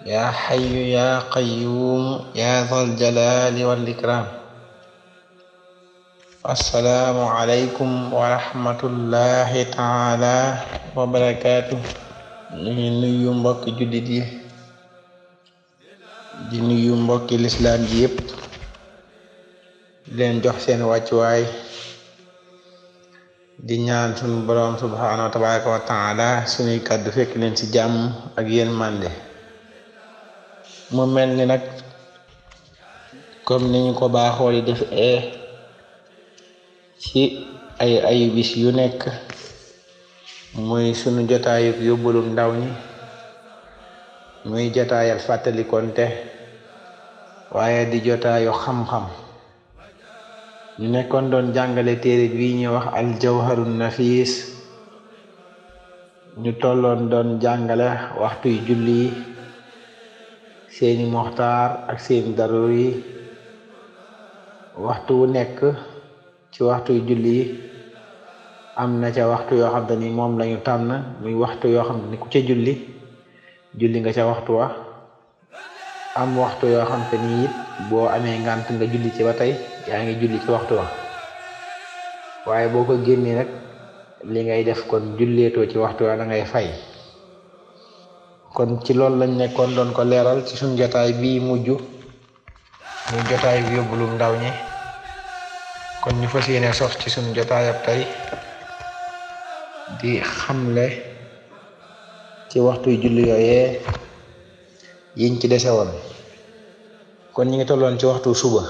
yaa xayu yaa qayuum yaa zal jalaali wal ikraam assalaamu aleykum wa rahmatullahi taala wa barakaatu ñu mbokki jullit yi di mbokki lislaam ji yépp di leen jox seen wàccuwaay di ñaan sunu boroom subhaanahu wa wa taala sunuy kàddu fekk leen ci jàmm ak yéen mànde mu mel ni nag kom ni ko baaxoo di def ee ci ay ayu bis yu nekk muy sunu jotaayub yóbbalum ndaw ñi muy jotaayal fàttalikonte waaye di jotaayu xam-xam ñu nekkoon doon jàngale téere bii ñuy wax al jawharun nafis ñu tolloon doon jàngale waxtuy julli seeni moxtaar ak seeni daruur yi waxtu wu nekk ci waxtu julli yi am na ca waxtu yoo xam te ni moom lañu tànn muy waxtu yoo xam te ni ku ca julli julli nga ca waxtu wa am waxtu yoo xam te ni it boo amee ngànt nga julli ci ba tey yaa ngi julli ci waxtu wa waaye boo ko génnee nag li ngay def kon julleetoo ci waxtu wa da ngay fay kon ci loolu lañ nekkoon doon ko leeral ci suñ jotaay bii mujj muy jotaay bi yóbbulum ndaw ñi kon ñu fas yéene sof ci suñ jotaay ab tey di xamle ci waxtuy julli yooyee yiñ ci dese woon kon ñu ngi tolloon ci waxtu suba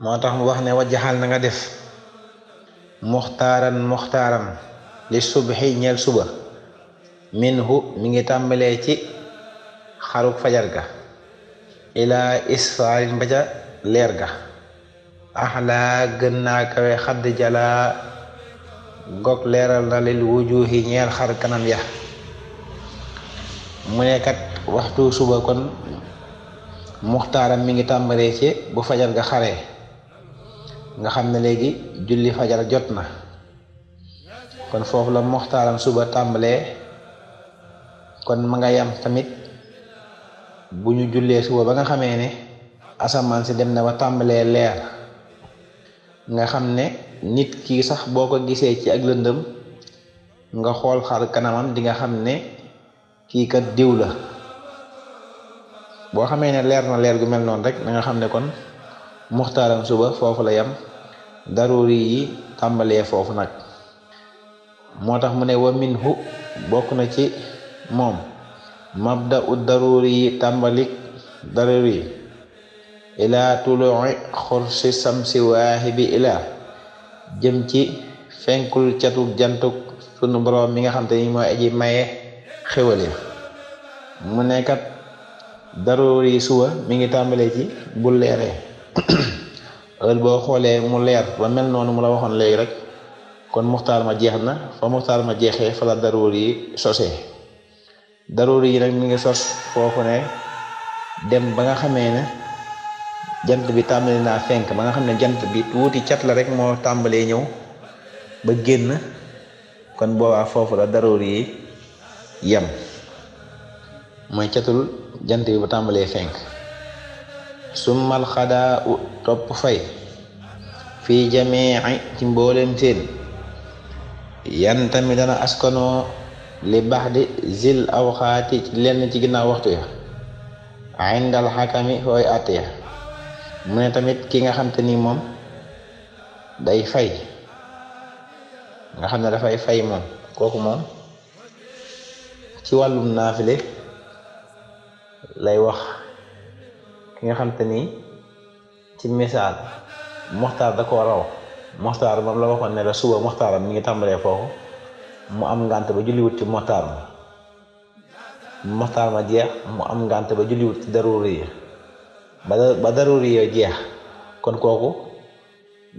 moo tax mu wax ne wajaxal na nga def muxtaaran muxtaaran li subxi ñeel suba minhu mi ngi tàmbalee ci xaruk fajar ga ilaa isfaarin ba ca leer ga axlaa gën naa kawe xadd jalaa gog leeral na lil wujuhi ñeel xar kanam ya mu ne kat waxtu suba kon muxtaaram mi ngi tàmbalee ci bu fajar ga xare nga xam ne léegi julli fajar jot na kon foofu la muxtaaram suba tàmbalee kon ma nga yam tamit bu ñu julee suba ba nga xamee ne asamaan si dem na ba tàmbalee leer nga xam ne nit kii sax boo ko gisee ci ak lëndëm nga xool xar kanamam di nga xam ne kii kat diw la boo xamee ne leer na leer gu mel noonu rek na nga xam ne kon muxtaaram suba foofu la yam daruri yi tàmbalee foofu nag moo tax mu ne wa minhu bokk na ci moom mabda u daruri yi tàmbalik yi ilaa tului xursi samsi bi ilaa jëm ci fenkul catu jantuk sunu borom mi nga xam te ni mooy aji maye xéwale mu nekkat daroor yi suba mi ngi tàmbalee ci bul leeree heure boo xoolee mu leer ba mel noonu mu la waxoon léegi rek kon muxtaar ma jeex na fa muxtaar ma jeexee fa la daroor yi sosee daruur yi nag mi ngi sos foofu ne dem ba nga xamee ne jant bi tàmbali naa fenk ba nga xam ne jant bi tuuti cat la rek moo tàmbalee ñëw ba génn kon boobaa foofu la daruur yi yam mooy catul jant bi bu tàmbalee fenk su malxadaa topp fay fii jamii ci mboolem seen yan tamit dana askanoo li baax di zil awxaati lenn ci ginnaaw waxtu ya indal xakami xooy àtte ya mu ne tamit ki nga xam te ni moom day fay nga xam ne dafay fay moom kooku moom ci wàllum naafile lay wax ki nga xam te ni ci misaal moxtaar da ko raw moxtaar moom la waxoon ne la suba moxtaaram mi ngi tàmbalee foofu mu am ngànt ba julliwut ci moxtaar ma moxtaar ma jeex mu am ngànt ba julliwut ci daruuri ya ba ba daruuri jeex kon kooku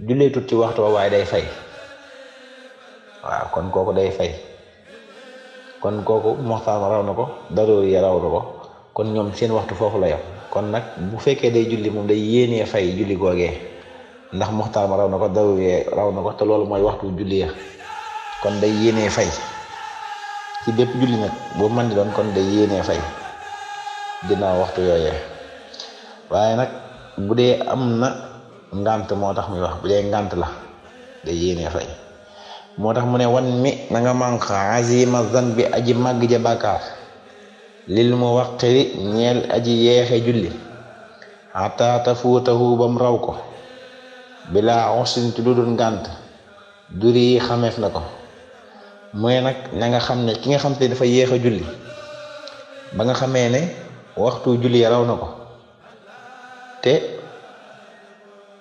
julleetut ci waxtu waaye day fay waaw kon kooku day fay kon kooku moxtaar ma raw na ko daruuri ya raw na ko kon ñoom seen waxtu foofu la yem kon nag bu fekkee day julli moom day yéenee fay julli googee ndax moxtaar ma raw na ko daruuri ya raw na ko te loolu mooy waxtu julli ya kon day yéenee fay ci bépp julli nag boo mën di kon day yéenee fay ginnaaw waxtu yooyee waaye nag bu dee am na ngànt moo tax muy wax bu dee ngànt la day yéenee fay moo tax mu ne wan mi na nga mànq azima bi aji màgg ja bàkkaar lil mu waqiri ñeel aji yeexe julli xataa tafuutahu bam raw ko bilaa osin ci lu dul ngànt duri xameef na ko mooy nag na nga xam ne ki nga xam te dafa yéex a julli ba nga xamee ne waxtu julli ya raw na ko te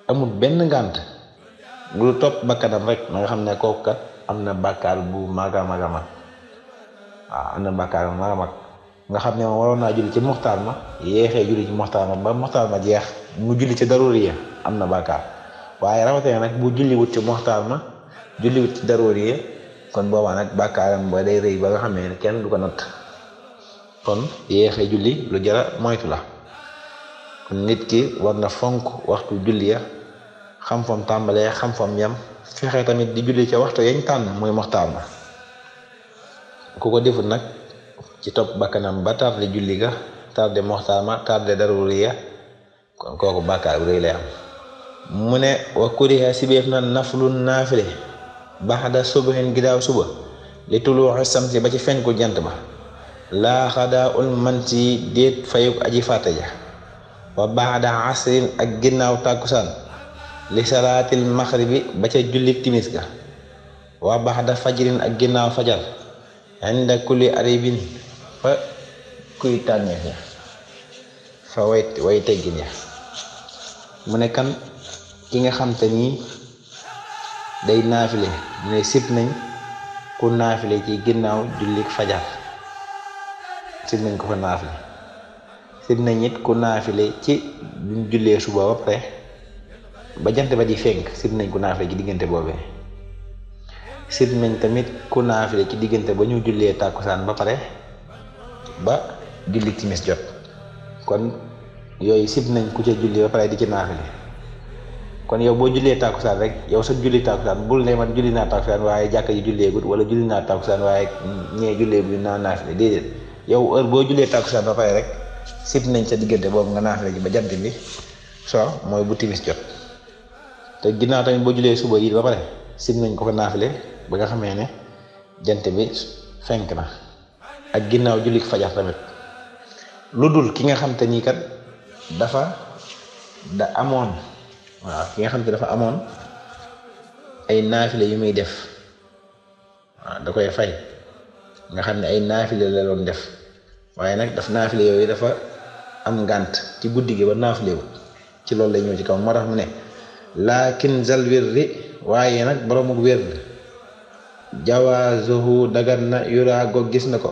amut benn ngànt lu topp bakkanam rek na nga xam ne kooku kat am na bàkkaar bu mag a mag a na bàkkaar bu nga xam ne moom waroon naa julli ci moxtaar ma yéexee julli ci moxtaar ma ba moxtaar ma jeex mu julli ci daruri ya am na bàkkaar waaye rawatina nag bu julli wut ci moxtaar ma julli wut ci daruri ya kon boobaa nag ba day rëy ba nga xamee ne kenn du ko natt kon yéexee julli lu jara moytu la nit ki war na fonk waxtu julli ya xam fam tàmbalee xam fam yam fexe tamit di julli ca waxtu yañ tànn muy moxtaar ma ku ko defut nag ci topp bakkanam ba tardé julli ga tardé moxtaar ma tardé daruriya kon kooku bàkkaar bu rëy lay mu ne wa kuriha sibeef na naflun naafile baxda subahin gidaaw suba li tuluuxi samsi ba ci fenku jant ba laa xadaa ul mansi déet fayuk aji fàtte ja wa baxda asrin ak ginnaaw tàkkusaan li salaatil maxribi ba ca julli timis ga wa baxda fajrin ak ginnaaw fajar inda kulli aribin fa kuy tànneef ya fa way way teggin ya mu ne kan ki nga xam nii day naafile mu sib nañ ku naafile ci ginnaaw jullik fajar sib nañ ko fa naafile sib nañ it ku naafile ci buñ jullee suba ba pare ba jant ba di fenk sib nañ ku naafile ci diggante boobee sib nañ tamit ku naafile ci diggante ba ñu jullee tàkkusaan ba pare ba julli timis jot kon yooyu sib nañ ku ca julli ba pare di ci naafile kon yow boo jullee tàkkusaan rek yow sa julli tàkkusaan bul ne man julli naa tàkkusaan waaye jàkka ji julleegut wala julli naa tàkkusaan waaye ñee julleegut naa naafile déedéet yow heure boo jullee tàkkusaan ba pare rek sib nañ sa diggante boobu nga naafile ji ba jant bi so mooy bu timis jot te ginnaaw tamit boo jullee suba yi ba pare sib nañ ko ko naafile ba nga xamee ne jant bi fenk na ak ginnaaw julli fajar tamit lu dul ki nga xam te nii kat dafa da amoon waaw ki nga xam te dafa amoon ay naafile yu muy def waaw da koy fay nga xam ne ay naafile la doon def waaye nag daf naafile yooyu dafa am ngànt ci guddi gi ba naafile wu ci loolu la ñëw ci kaw moo tax mu ne laakin zal wirri waaye nag boroomu wérd jawaazuhu dagan na yuraa gis na ko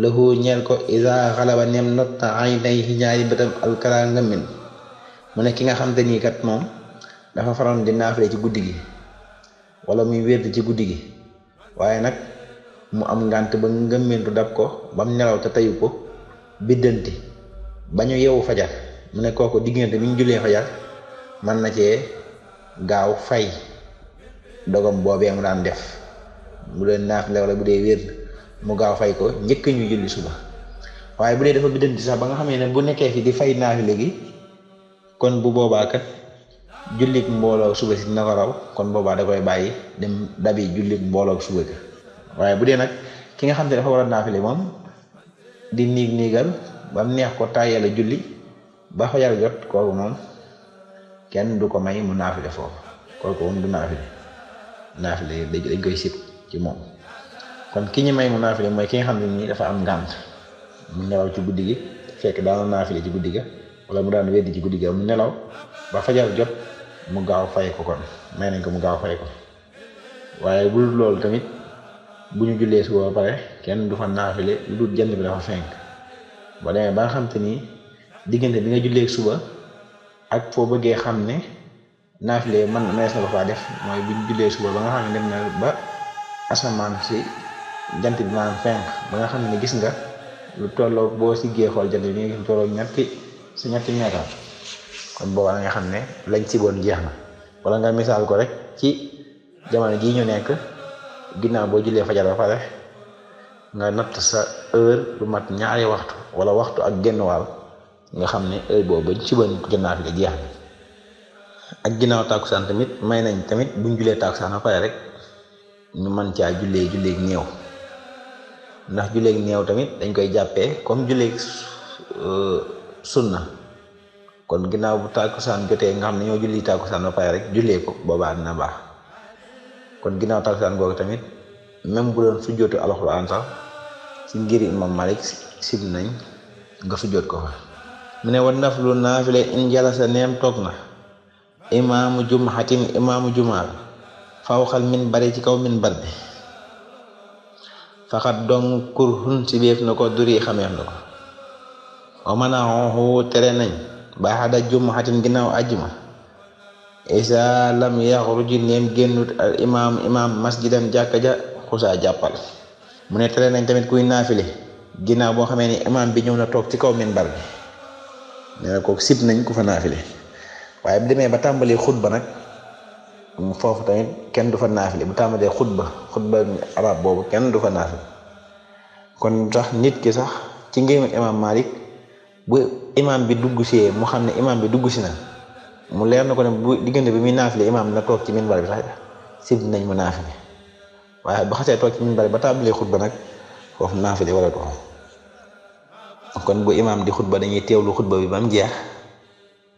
lahu ñeel ko isa xalaba nem notta ay nay ñaari bëtam alkara ngamin mu ne ki nga xam te nii kat moom dafa faroon di naafale ci guddi gi wala muy wérd ci guddi gi waaye nag mu am ngànt ba du dab ko ba mu nelaw te tayu ko biddanti ba ñu yewu fajar mu ne kooku diggante bi ñu jullee fajar mën na cee gaaw fay dogam boobee mu daan def mu dee naafale wala bu dee wérd mu gaaw fay ko njëkk ñu julli suba waaye bu dee dafa biddanti sax ba nga xamee ne bu nekkee fi di fay naafile gi kon bu boobaa kat jullit mbooloo suba si dina ko raw kon boobaa da koy bàyyi dem dabi jullit mbooloo suba ga waaye bu dee nag ki nga xam ne dafa war a naafile moom di niig niigal ba neex ko tàyyee julli ba jot kooku moom du ko may mu naafile foofu kooku moom du naafile naafile dañ koy sib ci moom kon ki ñu may mu naafile mooy ki nga xam ne nii dafa am ngànt mu nelaw ci guddi gi fekk naaf naafile ci guddi wala mu daan weddi ci guddi ga mu nelaw ba fajar jot mu gaaw fay ko kon may nañ ko mu gaaw fay ko waaye bu dul loolu tamit bu ñu jullee suba ba pare kenn du fa naafile lu dul jant bi dafa fenk ba demee ba nga xam ni diggante bi nga suba ak foo bëggee xam ne naafile man mees na ko faa def mooy bu ñu jullee suba ba nga xam ne dem na ba asamaan si jant bi maanaam fenk ba nga xam ne gis nga lu tolloog boo siggee xool jant bi nga gis lu tolloog ñetti si ñetti meetar kon boobaa da nga xam ne lañ si boon jeex na wala nga misaal ko rek ci jamono jii ñu nekk ginnaaw boo jullee fajar ba pare nga natt sa heure lu mat ñaari waxtu wala waxtu ak genn wàll nga xam ne heure boobu bañ si boon jot naa fi nga jeex na ak ginnaaw tàkkusaan tamit may nañ tamit buñ jullee tàkkusaan ba pare rek ñu mën caa jullee julleeg néew ndax julleeg néew tamit dañ koy jàppee comme julleeg euh, sunna kon ginnaaw bu tàkkusaan jotee nga xam ne ñoo julli tàkkusaan ba pare rek jullee ko boobaa dina baax kon ginnaaw tàkkusaan googu tamit même bu doon sujjootu alxuraan sax ci ngir imam malik sib nañ nga sujjoot ko fa mu ne wan naflu naafile in jalasa neem toog na imaamu jumaatin imaamu jumaa min bari ci kaw min bar bi faxat dong kurhun si béef na ko duri xameef na ko omana xonxu tere nañ baxada jumaxatin ginnaaw ajjuma isa lam yaxruji neem génnut al imam imam masjidan jàkka ja xusaa jàppal mu ne tere nañ tamit kuy naafile ginnaaw boo xamee ne imam bi ñëw na toog ci kaw minbar bi nee na ko sib nañ ku fa naafile waaye bu demee ba tàmbali xutba nag foofu tamit kenn du fa naafile bu tàmbalee xutba xutba arab boobu kenn du fa naafile kon sax nit ki sax ci ngéemu imam Malik bu imaam bi dugg si mu xam ne imaam bi dugg si na mu leer na ko ne bu diggante bi muy naafile imaam na toog ci minbar bi sax sib nañ mu naafile waaye ba xasee toog ci minbar bi ba nag foofu naafile wala toog kon bu imaam di xutba dañuy teewlu xutba bi ba mu jeex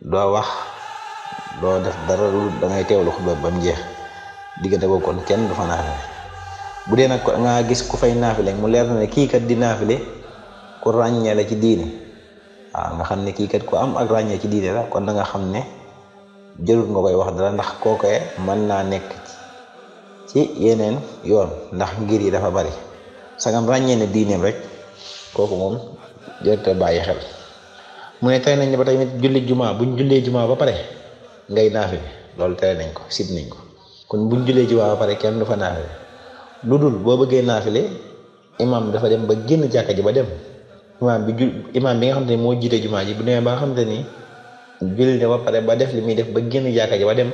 doo wax doo def dara lu dangay teewlu xutba ba mu jeex diggante boobu kon kenn dee nag nga gis ku fay naafile mu leer na ne kii kat di naafile ku ràññee la ci diini. waaw ah, nga xam ne kii kat ku am ak ràññee ci diine la kon danga xam ne jërul nga koy wax dara ndax kookoye mën naa nekk ci yeneen yoon ndax ngir yi dafa bari sangam ràññee ne diineem rek kooku moom jërte bàyyi xel mu ne tere nañ ne ba tamit julli juma buñ jullee juma ba pare ngay naafi loolu tere nañ ko sib nañ ko kon buñ jullee juma ba pare kenn du fa naafi lu dul boo bëggee naafile imam dafa dem ba génn jàkka ji ba dem imaam bi ju imaam bi nga xam ne moo jiite jumaa ji bu nee baa nga xam te ni julli ne ba pare ba def li muy def ba génn jàkka ji ba dem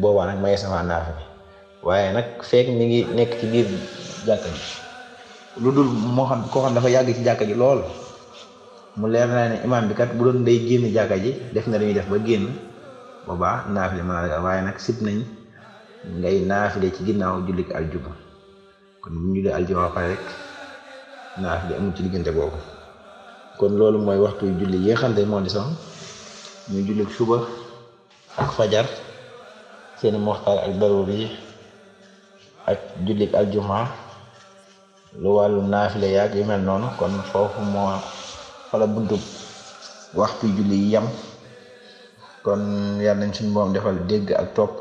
boobaa nag sama naafa nag fekk mi ngi nekk ci biir jàkka lu dul moo xam koo dafa yàgg ci jàkka ji lool mu leer naa ne imaam bi kat bu doon day génn jàkka ji def na li muy def ba génn boobaa naafile mën waaye nag sit nañ ngay naafile ci ginnaaw jullit aljuma kon bu ñu jullee aljuma pare rek naafile amul ci diggante boobu. kon loolu mooy waxtu julli yi nga xam ne moo di ñu julli suba ak fajar seeni moxtaar ak daruur yi ak jullik aljuma lu wàllu naafile yaag yu mel noonu kon foofu moo fala buntu waxtu julli yi yam kon yàlla nañ suñu boom defal dégg ak topp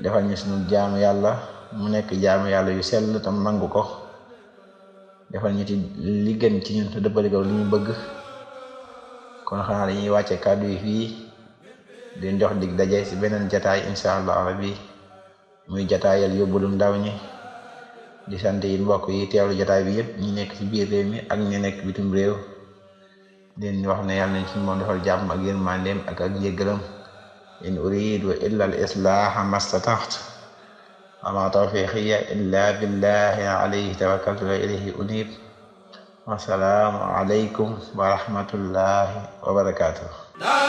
defal ñu suñu jaamu yàlla mu nekk jaamu yàlla yu sell tam nangu ko defal ñu ci li ci ñun te dëppalikaw li ñu bëgg kon xanaa dañuy wàcce kàddu yi fii di ndox digg daje si beneen jataay insha allah rabbi muy jataayal yóbbulum ndaw ñi di sant yi mbokk yi teelu jataay bi yëpp ñi nekk ci biir réew mi ak ñi nekk bitim réew den wax ne yàlla nañ ci moom defal jàmm ak yërmandeem ak ak yëggalam in uridu illa al islaha mastataxt وما توفيقي إلا بالله عليه توكلت وإليه أنيب والسلام عليكم ورحمة الله وبركاته